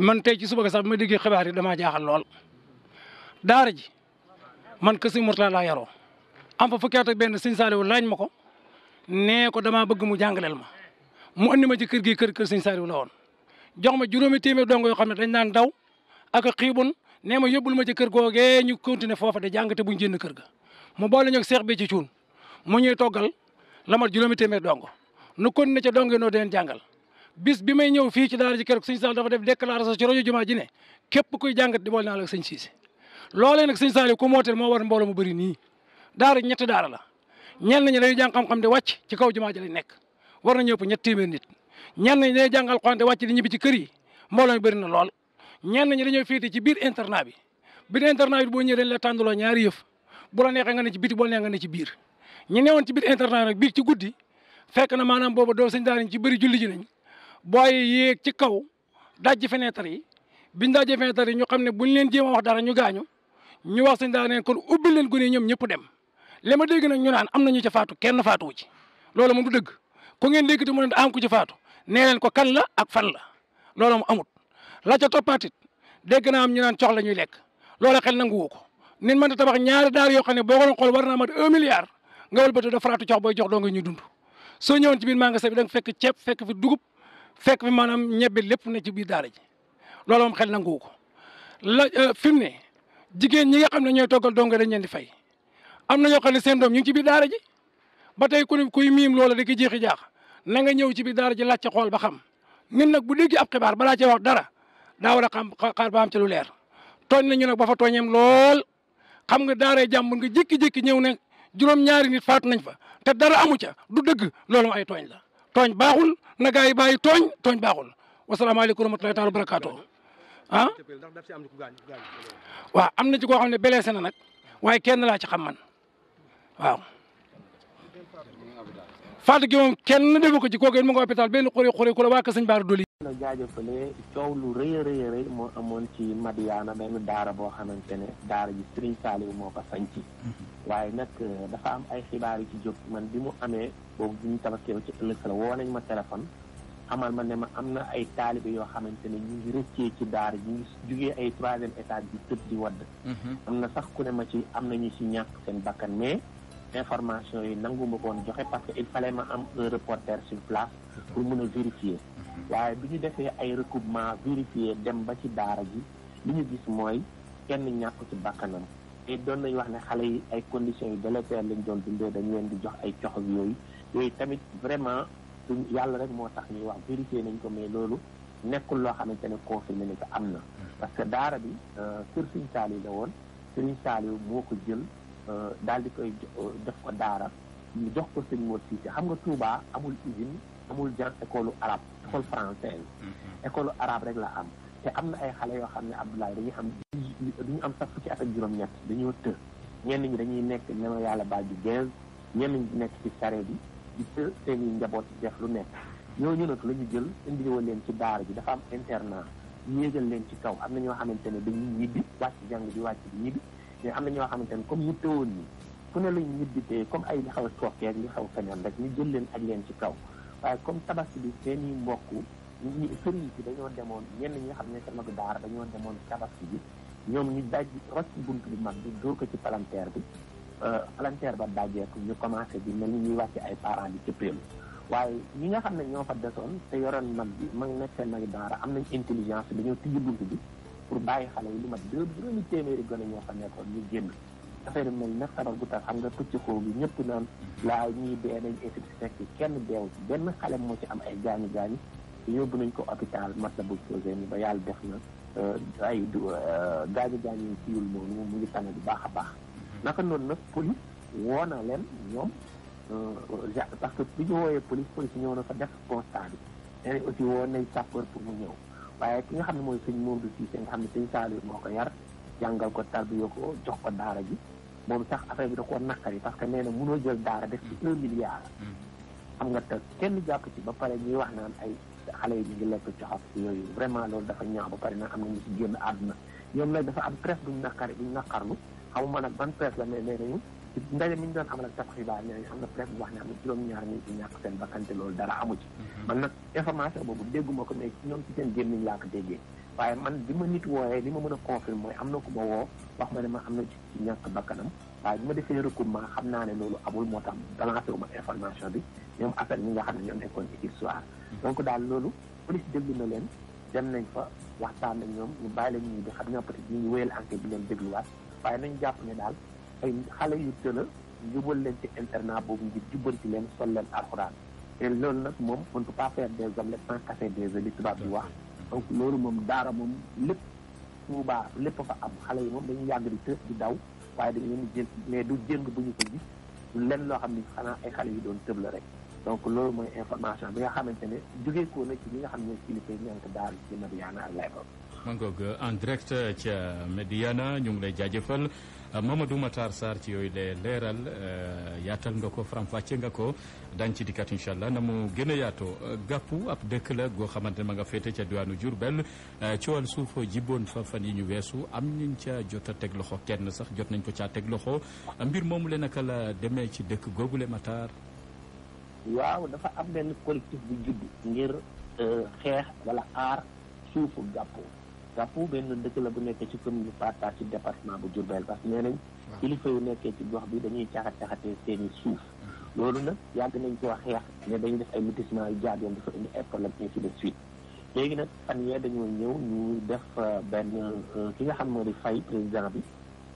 man tey ci suba sax bi ma déggee xibaar yi damaa jaaxal lool daara ji man kër Sëñ a laa yaroo am fa fukki at ak benn Sëñ Saaliwu laaj ma ko nee ko damaa bëgg mu jàngaleel ma mu andi ma ci kër gi kër kër Sëñ Saaliwu la woon jox ma juróomi téeméer dongo yoo xam ne dañ naan daw ak a xiibun nee ma yóbbul ma ci kër googee ñu continuer foofa de jàngate buñ jënd kër ga mu boole ñoog seex bi ci cuun mu ñuy toggal lamat juróomi téeméer dongo nu continuer ca dongo yi noo deen jàngal bis bi may ñëw fii ci daara ji keroog sëñ Sall dafa def déclaration ci rajo jumaa ji ne képp kuy jàngat di boole naa la ak sëñ Cissé loolee nag sëñ ku moo war mbooloo mu bëri nii daara ñetti daara la ñenn ñi dañuy jàng xam-xam di wàcc ci kaw jumaa ji lay nekk war na ñëpp ñett téeméer nit ñenn ñi dañuy jàng alxuraan di wàcc di ñibbi ci kër yi mbooloo mi bëri na lool ñenn ñi dañoo féete ci biir internat bi biir internat bi boo ñëwee dañ la tàndaloo ñaari yëf bu la neexee nga ne ci biti boo neexee nga ne ci biir ñu newoon ci biir internat nag ci guddi fekk na maanaam boobu doo sëñ daara ci bëri julli ji nañ booy yéeg ci kaw dajji fenêtre yi biñ dajji fenêtre yi ñu xam ne buñ leen jéem a wax dara ñu gaañu ñu wax sëñ daara neen kon ubbi leen gune ñoom ñëpp dem li ma dégg nag ñu naan am nañu ci faatu kenn faatuwu ci loolu moom du dëgg ku ngeen dégg te mu ne am ku ci faatu nee ko kan la ak fan la loolu moom amut la ca toppaatit dégg na am ñu naan jox la ñu lekk loolu xel nanguwu ko nit mën a tabax ñaari daar yoo ne boo ko doon xool war na mat un milliard nga wëlbati da faratu cox dund soo ñëwoon ci biir magasin bi da fekk ceeb fekk fi dugub fekk fi maanaam ñebe lépp na ci biir daara ji loolu moom xel nanguwu ko la euh, fi mu ne jigéen ñi nga xam ne ñooy toggal dongo dañ leen di fay am na ñoo xam ne seen ñu ngi ci biir daara ji ba tey ku ne kuy miim loola di ko jeexi jaax na nga ñëw ci biir daara ji laajte xool ba xam ñun nag bu déggee ab xibaar ba laa cee wax dara daa war a xam xaar ba am ci lu leer tooñ nañu nag ba fa tooñeem lool xam nga daaray jàmbur nga jékki-jékki ñëw ne juróom-ñaari nit faatu nañ fa te dara amu ca du dëgg loolu ay tooñ la na gaa yi bàyyi tooñ tooñ baaxul wasalaamaaleykum wa rahmatulahi taala wa barakaatu ah. waaw am na ci koo xam ne blessé na nag waaye kenn laa ci xam man waaw. faatu gi moom kenn defu ko ci kooku it mu ngi hôpital benn xure xure ku la waa ka sëñ Baara Doli. na jaajëfale coow lu rëy a rëy moo amoon ci Madiana benn daara boo xamante ne daara ji Serigne Saliou moo ko sañ ci waaye nag euh, dafa am ay xibaar yu ci jóg man bi mu amee boobu bi ñu ci ëllëg sa la woo nañ ma téléphone amal ma ne ma am na ay taalibe yoo xamante ne ñu ngi rëccee ci daara ñu ngi jugee ay troisième étage bi tëb di wadd mhm. am na sax ku ne ma ci am nañu ci ñàkk seen bakkan mais information yi nanguma koon joxe parce que il fallait ma am un reporter sur place pour mën a vérifier waaye bi ñu defee ay recoupement vérifier dem ba ci daara bi li ñu gis mooy kenn ñàkk ci bakkanam te doon nañu wax ne xale yi ay conditions yu délétères lañ doon dundee dañ leen di jox ay cox yooyu yooyu tamit vraiment suñ yàlla rek moo tax ñuy wax vérifier nañ ko mais loolu nekkul loo xamante ne confirmé ne ko am na parce que daara bi euh, kër Sëriñ Saaliw la woon Sëriñ Saaliw moo ko jël Euh, daal di koy euh, def ko daara ñu jox ko seen Mor Cissé xam nga Touba amul usine amul jàng école arab école française mm-hmm. école arabe rek la am te am na ay xale yoo xam ne Abdoulaye dañuy am dañu am sax fukki at ak juróom-ñett dañoo të ñenn ñi dañuy nekk nema yàlla baal bi quinze ñenn ñi nekk ci sare bi di të seen i njaboot jeex lu nekk ñooñu nag la ñu jël indiliwoon leen ci daara bi dafa am internat yéegal leen ci kaw am na ñoo xamante ne dañuy ñibbi wàcc jàng bi wàcc bi mais am na ñoo xamante ne comme ñu tëwoon ni fu ne lañu ñibbitee comme ay li xaw a sookeeg li xaw a kañoon rek ñu jël leen ak leen ci kaw waaye comme tabaski bi seen i mbokk ñi sëriñ si dañoo demoon ñenn ñi nga xam ne sa mag daara dañoo demoon tabaski bi ñoom ñu daj rocc bunt bi mag bi dóor ko ci palanteer bi euh, palanteer ba dajeeku ñu commencé bi mel ni ñuy wàcc ay parents bi cëppeelu waaye ñi nga xam ne ñoo fa desoon te yoroon mag bi mag nekk seen mag daara am nañ intelligence dañoo tijji bunt bi pour bàyyi xale yi lu mat deux juróomi téeméeri gone ñoo fa nekkoon ñu génn affaire mel nag sabar gu tax xam nga tucc xoo bi ñëpp naan laa ñuy dee nañ étude fekk kenn deew ci benn xale moo ci am ay gaañu gaañu yóbbu nañ ko hôpital mat la bu posé ni ba yàlla def na euh, ay euh, gaañu gaañu yi ci yul noonu mu ngi tane bu baax a baax naka noonu nag police woo na leen ñoom euh, parce que bi ñu wooyee police police ñëw na fa def constat bi leen aussi woo nañ sapeur pour mu ñëw waaye ki nga xam ne mooy sëñ Modou Cissé nga xam ne sëñ Saliou moo ko yar jàngal ko tarbiyo ko jox ko daara ji moom sax affaire bi da koo yi parce que nee na munoo jël daara def ci un milliard xam nga te kenn jàpp ci ba pare ñuy wax naan ay xale yi ñu ngi lekk coxaf si yooyu vraiment loolu dafa ñaaw ba pare na am na ñu si génn àdduna ñoom nag dafa am presse duñ naqari duñ naqarlu xamuma nag ban presse la mais nee nañu ndaje mi ñu doon amal ak tax xibaar ne am na presse bu wax ne am na juróom-ñaar ñu ci ñàkk seen bakkante loolu dara amu ci. Mhm. man nag information boobu dégguma ko mais ñoom ci seen gémmiñ laa ko déggee waaye man bi ma nit wooyee li ma mën a confirmer mooy am na ku ma woo wax ma ne ma am na ci ñàkk bakkanam waaye bi ma defee recoupement xam naa ne loolu amul moo tax balancé wu ma information bi ñoom affaire ñi nga xam ne ñoo nekkoon ci histoire mhm. donc daal loolu police déglu na leen dem nañ fa waxtaan ak ñoom ñu bàyyi la ñuy bi xam naa peut-être ñu ngi wéyal enquête bi dégluwaat waaye nañ jàpp ne ay xale yu tëla yóbbal leen ci internat boobu ngir jubbanti leen sol leen alxuraan te loolu nag moom on ne peut pas faire des omelettes sans casser des œufs li tubaab bi wax donc loolu moom daara moom lépp Tuubaa lépp fa am xale yi moom dañu yàgg di tëb di daw waaye dañu leen jël mais du jëng bu ñu ko gis du loo xam ne xanaa ay xale yu doon tëb la rek donc loolu mooy information bi nga xamante ne jógee ko na ci ñi nga xam ne kilifa yi ñank daal ci Madiyana ak Layba. maa ngi en ngi lay jaajëfal. Euh, Mamadou Matar Sarr ci yooyu le leeral euh, yaatal nga ko faram-fàcce nga ko daañu ci dikkat incha allah na mu gën a yaatoo euh, gàppu ab dëkk la goo xamante ne ma nga féete ca diwaanu Diourbel coowal suuf jibboon fa fan yi ñu weesu am ñu ca jot a teg loxo kenn sax jot nañ ko caa teg loxo mbir moom le naka la demee ci dëkk googule Matar. waaw dafa am benn collectif bu judd ngir xeex wala aar suufu gàppu Sàppu benn dëkk la bu nekkee ci commune Patta ci département bu Diourbel parce que nee nañ kilifa yu nekkee ci gox bi dañuy caxat caxatee seen i suuf loolu nag yàgg nañ ko wax xeex ne dañu def ay lotissement yu jaar yoon dafa indi ay problème ainsi de léegi nag fan yee dañoo ñëw ñu def euh, benn euh, ki nga xam moo di fay président bi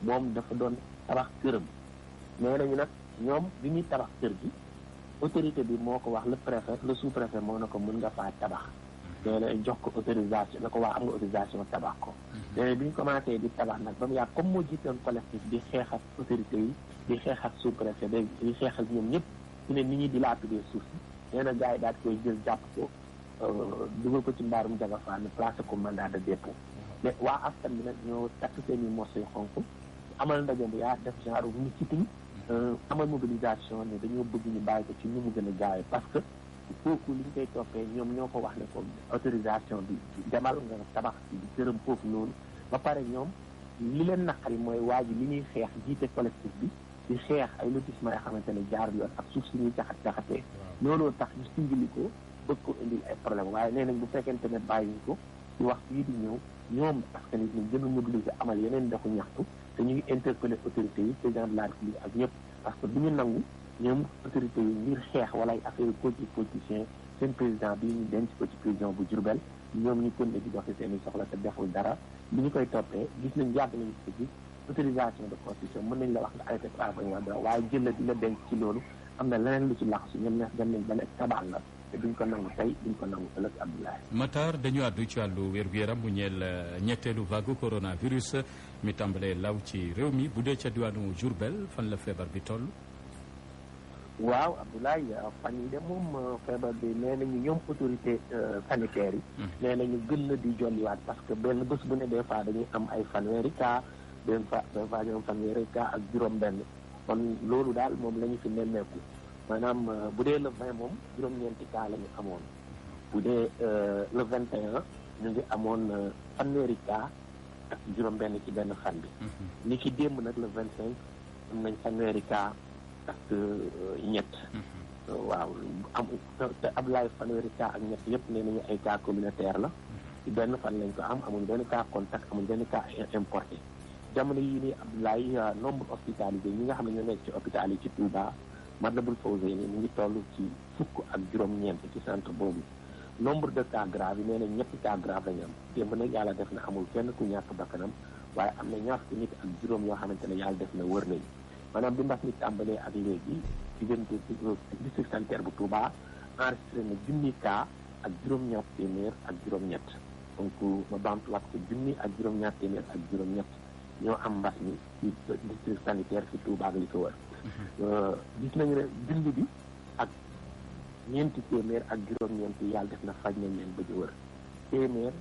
moom dafa doon tabax këram nee nañu nag ñoom bi ñuy tabax kër gi autorité bi moo ko wax le préfet le sous préfet moo ne ko mun nga faa tabax day lay jox ko autorisation na ko waa am nga autorisation tabax ko mhm. léeg bi ñu commencé di tabax nag ba mu yàgg comme moo jiitoon collectif di xeex ak autorité yi di xeex ak sous-préfet day ak ñoom ñëpp ci ne nit ñi di laatudee suuf si nee na gars yi daal koy jël jàpp ko euh, dugal ko ci mbaarum jaga fann placé ko mandat de dépôt mhm. mais waa askan bi nag ñoo takk seen i morso yu xonk amal ndaje bu yaa def genre mu sitiñ mhm. euh, amal mobilisation ne dañoo bëgg ñu bàyyi ko ci ñu mu gën a gaawee parce que kooku li ñu koy toppee ñoom ñoo ko wax ne ko autorisation di demal nga tabax di këram foofu noonu ba pare ñoom li leen naqari mooy waa ji li ñuy xeex jiite collectif bi di xeex ay lotissement yoo xamante ne jaar yoon ak suuf si ñuy jaxat jaxatee looloo tax ñu singili ko bëgg ko indil ay problème waaye nee nañ bu fekkente ne bàyyiñ ko ci wax yii di ñëw ñoom parce que nit ñi gën a amal yeneen doxu ñaxtu te ñu ngi interpeller autorités yi président de ak ñëpp parce que du ñu ñoom autorité yi ngir xeex wala ay affaire politique politicien seen président bi ñu denc ko ci prison bu Diourbel ñoom ñu kon continuer di doxi seen i soxla te deful dara bi ñu koy toppee gis nañ yàgg nañu ko de constitution mën nañ la wax nga arrêté par rapport ci loolu am na leneen lu ci lax su ñoom ñax dem nañ ba ne tabax la te duñ ko nangu tey duñ ko nangu ëllëg Abdoulaye. Matar dañu àddu ci wàllu wér-gu-yaram bu ñeel euh, ñetteelu vague coronavirus mi tàmbalee law ci réew mi bu dee ca diwaanu Diourbel fan la feebar bi toll. waaw Abdoulaye euh, fan yi de moom euh, feebar bi nee nañu ñoom autorité euh, sanitaire yi. Hmm. nee nañu gën na di jolliwaat parce que benn bés bu ne des fois dañuy am ay fanweeri cas benn fa des fois ñoom fanweeri cas ak juróom-benn kon loolu daal moom la ñu fi maanaam bu dee le 20 moom juróom-ñeenti cas la ñu amoon bu dee le 21 ñu ngi amoon fanweeri cas ak juróom-benn ci benn fan bi. Hmm. ni ki démb nag le cinq am nañ fanweeri cas. ak euh, ñett mm-hmm. waaw am te Ablaye fanweeri cas ak ñett yëpp nee ñu ay cas communautaire la mm-hmm. benn fan lañ ko am amuñ benn cas contact amuñ benn cas importé jamono yii nii Ablaye euh, nombre hospitalisé ñi nga xam ne ñoo nekk ci hôpital yi ci Touba Matlaboul Fawzeyni mu ngi toll ci fukk ak juróom-ñeent ci centre boobu nombre de cas grave yi nee nañ ñetti cas grave lañu am démb nag yàlla def na amul kenn ku ñàkk bakkanam waaye am na ñaar fukki nit ak juróom yoo xamante ne yàlla def na wër nañu maanaam bi mbas mi tàmbalee ak léegi diggante district sanitaire bu Touba enregistré na junni cas ak juróom-ñaar ak juróom-ñett donc ma baamtuwaat ko junni ak juróom-ñaar ak juróom-ñett ñoo am mbas mi ci district sanitaire ci Touba ak li ko wër. Mhm. Euh, gis nañu ne junni bi ak ñeenti téeméer ak juróom-ñeent yàlla def na faj nañ leen ba ci wër téeméer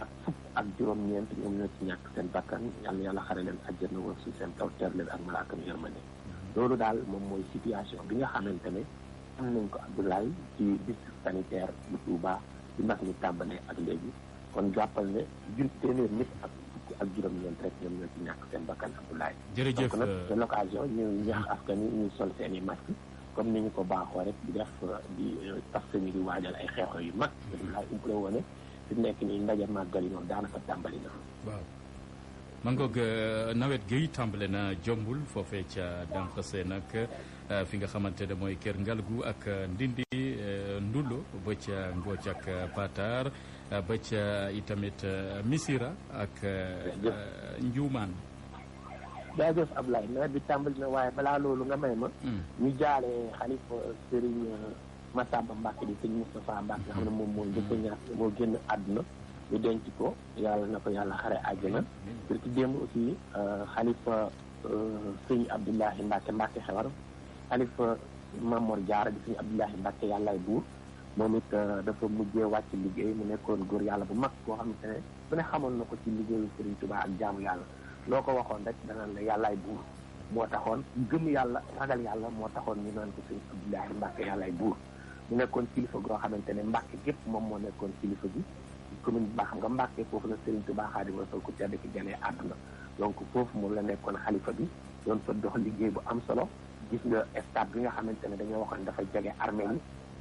ak fukk. ak juróom-ñeent ñoom ñoo ci ñàkk seen bakkan yàlla yàlla xare leen àjjana woon si seen taw teer leen ak malaakam yërmande mm-hmm. loolu daal moom mooy situation bi nga xamante ne am nañ ko laay ci district sanitaire bu Touba bi mbas mi tàmbalee ak léegi kon jàppal ne jur téeméer nit ak ak juróom-ñeent rek ñoom ñoo ci ñàkk seen bakkan Abdoulaye jërëjëf donc nag euh, c'est l'occasion ñu ñaax askan yi ñuy sol seen i masque comme ni ñu ko baaxoo rek di euh, di parce que ñu di waajal ay xeexoo yu mag mm-hmm. Abdoulaye umple woone nekk nii ndaje màggal moom daanaka tàmbali na. waaw ko euh, nawet gi tàmbale na jombul foofee ca Danxase nag euh, fi nga xamante ne mooy kër Ngalgu ak euh, Ndindi Ndullo ba ca Ngooc ak Patar ba ca itamit Misira ak. Njuumaan. jaajëf Ablaye nawet bi tàmbali waaye balaa loolu nga may ma. Hmm. ñu jaale xalifa Serigne Massamba Mbacke di sëñ Moustapha Mbacke nga xam ne moom moo njëkk a ñaar moo génn àdduna ñu denc ko na ko yàlla xare àjjana pour que démb aussi euh, xalifa euh, sëñ Abdoulahi Mbacke Mbacke xewar xalifa Mamor Diarra di sëñ Abdoulahi Mbacke yàllaay buur moom it euh, dafa mujjee wàcc liggéey mu nekkoon góor yàlla bu mag boo xamante ne bu xamoon na ko ci liggéeyu Serigne Touba ak jaamu loo ko waxoon rek danaan la yàllaay buur moo taxoon gëm yàlla ragal yàlla moo taxoon ñu naan ko sëñ Abdoulahi Mbacke yàllaay buur mu nekkoon kilifa goo xamante ne Mbàkke gépp moom moo nekkoon kilifa gi commune bi baax nga Mbàkke foofu la Serigne Touba Xaadimu Rasuul ku tedd ki gane foofu moom la nekkoon xalifa bi doon fa liggéey bu am solo gis nga stade bi nga xamante ne dañoo waxoon dafa jege armée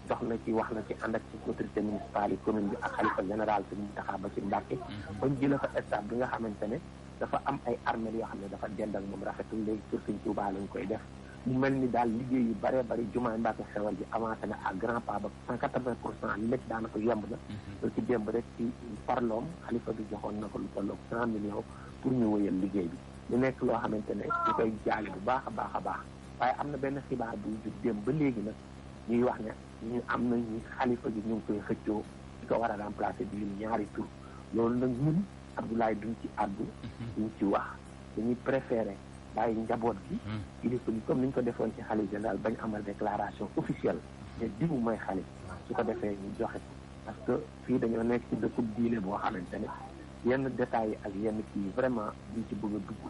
dox na ci wax na ci ànd ak ci autorité municipale yi commune bi ak xalifa général bi Mountakha Bassirou Mbacké bañ mm-hmm. jëlee fa bi nga xamante ne dafa am ay armée yoo xam ne dafa dend ak moom rafetul léegi tur Serigne Touba lañ koy def mu mel ni daal liggéey yu bëree bëri jumaay Mbàkke Xewar ji avancé na à grand pas ba cent quatre-vingt pour cent lépp daanaka yemb na mhm. ci démb rek ci parloom xalifa bi joxoon na ko lu tolloog cent millions pour ñu wëyal liggéey bi ñu nekk loo xamante ne ñu koy jaale bu baax a baax a baax waaye am na benn xibaar bu jub démb ba léegi nag ñuy wax ne ñu am na ñu xalifa ji ñu ngi koy xëccoo ci ko war a remplacer bi ñun ñaari tur loolu nag ñun Abdoulaye duñ ci àddu mhm. duñ ci wax dañuy préféré waaye njaboot gi kilifa hmm. comme ni ñu ko defoon ci xalif général bañ amal déclaration officielle ne diw mooy xalif hmm. su ko defee ñu joxe parce que fii dañoo nekk ci dëkku diine boo xamante ne yenn détails yi ak yenn kii vraiment duñ ci bëgg a dugg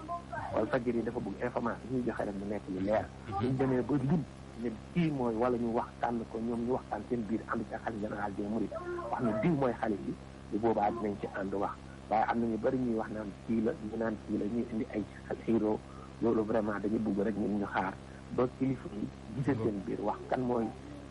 wala fajir yi dafa bëgg information yi ñuy joxe rek mu nekk lu leer suñ hmm. demee ba lim ne kii mooy wala ñu wax tànn ko ñoom ñu waxtaan seen biir ànd ci xalif général bi murid wax ne diw mooy xalif bi bu boobaa dinañ ci ànd wax waaye am na ñu bëri ñuy wax naan kii la ñu naan kii la ñuy indi ay xiiroo loolu vraiment dañu bëgg rek ñun ñu xaar ba kilifa yi gisee seen biir wax kan mooy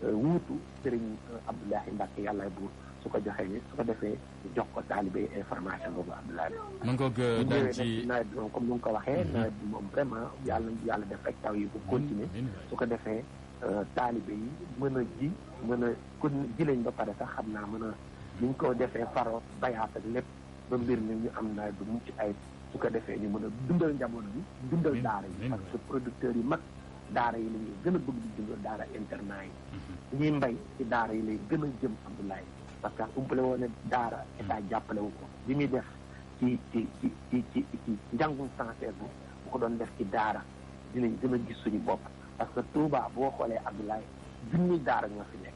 euh, wuutu Serigne euh, Abdoulahi Mbacke yàllaay buur su ko joxee su ko defee jox ko taalibe information boobu Abdoulahi. mën nga ko euh, daan ci nawet bi moom comme ni nga ko waxee. Mhm. moom vraiment yàlla yàlla def rek taw yi bu continuer mhm. su ko defee taalibe yi mën a ji mën a kon ji ba pare sax xam naa mën a. ni ñu ko defee faro bayaat ak lépp ba mbir mi ñu am nawet bu ci ay su ko defee ñu mën a dundal njaboot bi dundal daara yi parce que producteurs yi mag daara yi lañuy gën a bëgg di dundal daara internat yi mhm. ñuy mbay ci daara yi lay gën a jëm Abdoulaye parce que umpale woon ne daara état mhm. jàppalewu ko bi muy def ci ci ci ci ci ci njàngum français bi bu ko doon def ci daara dinañ gën gis suñu bopp parce que Touba boo xoolee Abdoulaye junni daara ñoo fi nekk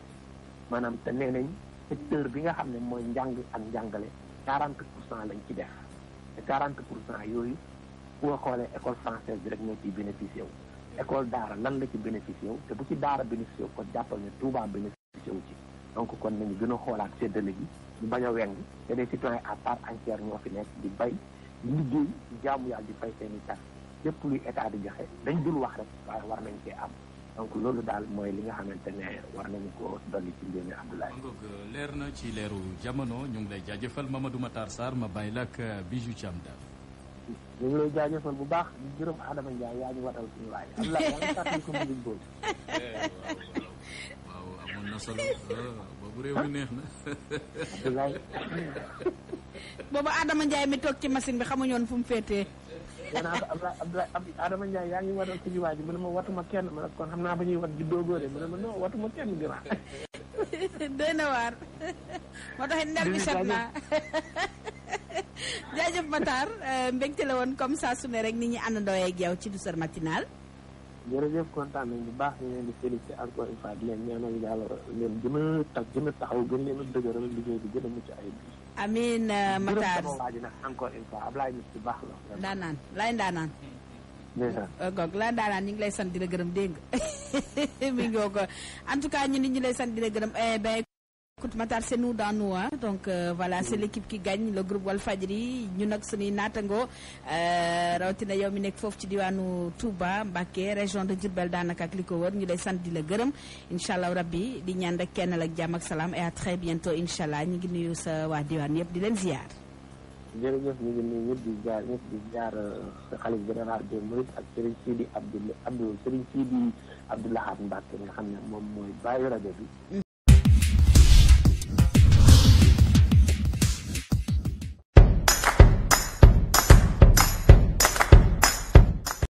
maanaam te nee nañ secteur bi nga xam ne mooy njàng ak njàngale quarante pour cent ci def te quarante pour cent yooyu boo xoolee école française bi rek ñoo ciy bénéficié wu. école daara lan la ci bénéficié wu te bu ci daara bénéficié wu kon jàppal ne Touba bénéficié wu ci. donc kon nañu gën a xoolaat séddale gi ñu bañ a weng te des citoyens à part entière ñoo fi nekk di bay liggéey jaamu yàlla di fay seen i tax lépp luy état di joxe dañ dul wax rek waaye war nañ cee am. donc loolu daal mooy li nga xamante ne war nañu ko leer na ci leeru jamono ñu ngi lay jaajëfal Mamadou taar saar ma bàyyi la ak euh, Bijou daal. ñu ngi lay jaajëfal bu baax juróom Adama Ndiaye yaa ko mbirum boobu. Eh, waaw amoon na solo eh, boobu réew mi neex na. Abdoulaye. boobu Adama Ndiaye mi toog ci machine bi xamuñoon fu mu féete nee naa ko Abdoulaye Abdoulaye Abdi Adama Ndiaye yaa ngi waral suñu waa ji mu ne ma watuma kenn ma ne kon xam naa ba ñuy wat ji doogóore mu ne ma non watuma kenn gën a. doy na waar. moo tax ndel bi set naa jaajëf euh, la woon comme saa su rek ni ñi àndandoo ak yow ci douceur matinale. jërëjëf kontaan nañu bu baax ñu leen di félicité encore une fois di leen ñaanal yàlla leen gën a tax gën a taxaw gën leen a dëgëral liggéey bi gën a mucc ayib bi. amiin uh, Matar encore une fois Ablaye nit ku baax la. ndaanaan laay ndaanaan. goog laa ñu ngi lay sant di la gërëm dégg nga ngi ko en tout cas ñu ni ñu lay sant di la eh, gërëm Écoute Matar c'est nous dans nous hein donc euh, voilà c'est l'équipe qui gagne le groupe Walfadjri ñu nag suñuy naatangoo euh, rawatina yow mi nekk foofu ci diwaanu Touba Mbacké région de Diourbel daanaka ak li ko wër ñu lay sant di la gërëm incha allah rabbi di ñaan rek kenn ak jàmm ak salaam et à très bientôt incha allah ñu ngi nuyu sa waa diwaan yëpp di leen ziar. jërëjëf ñu ngi nuyu ñëpp di ziar ñëpp di ziar euh, général des Mourides ak Serigne Sidi Abdou Abdou nga xam ne moom mooy bàyyi rajo bi.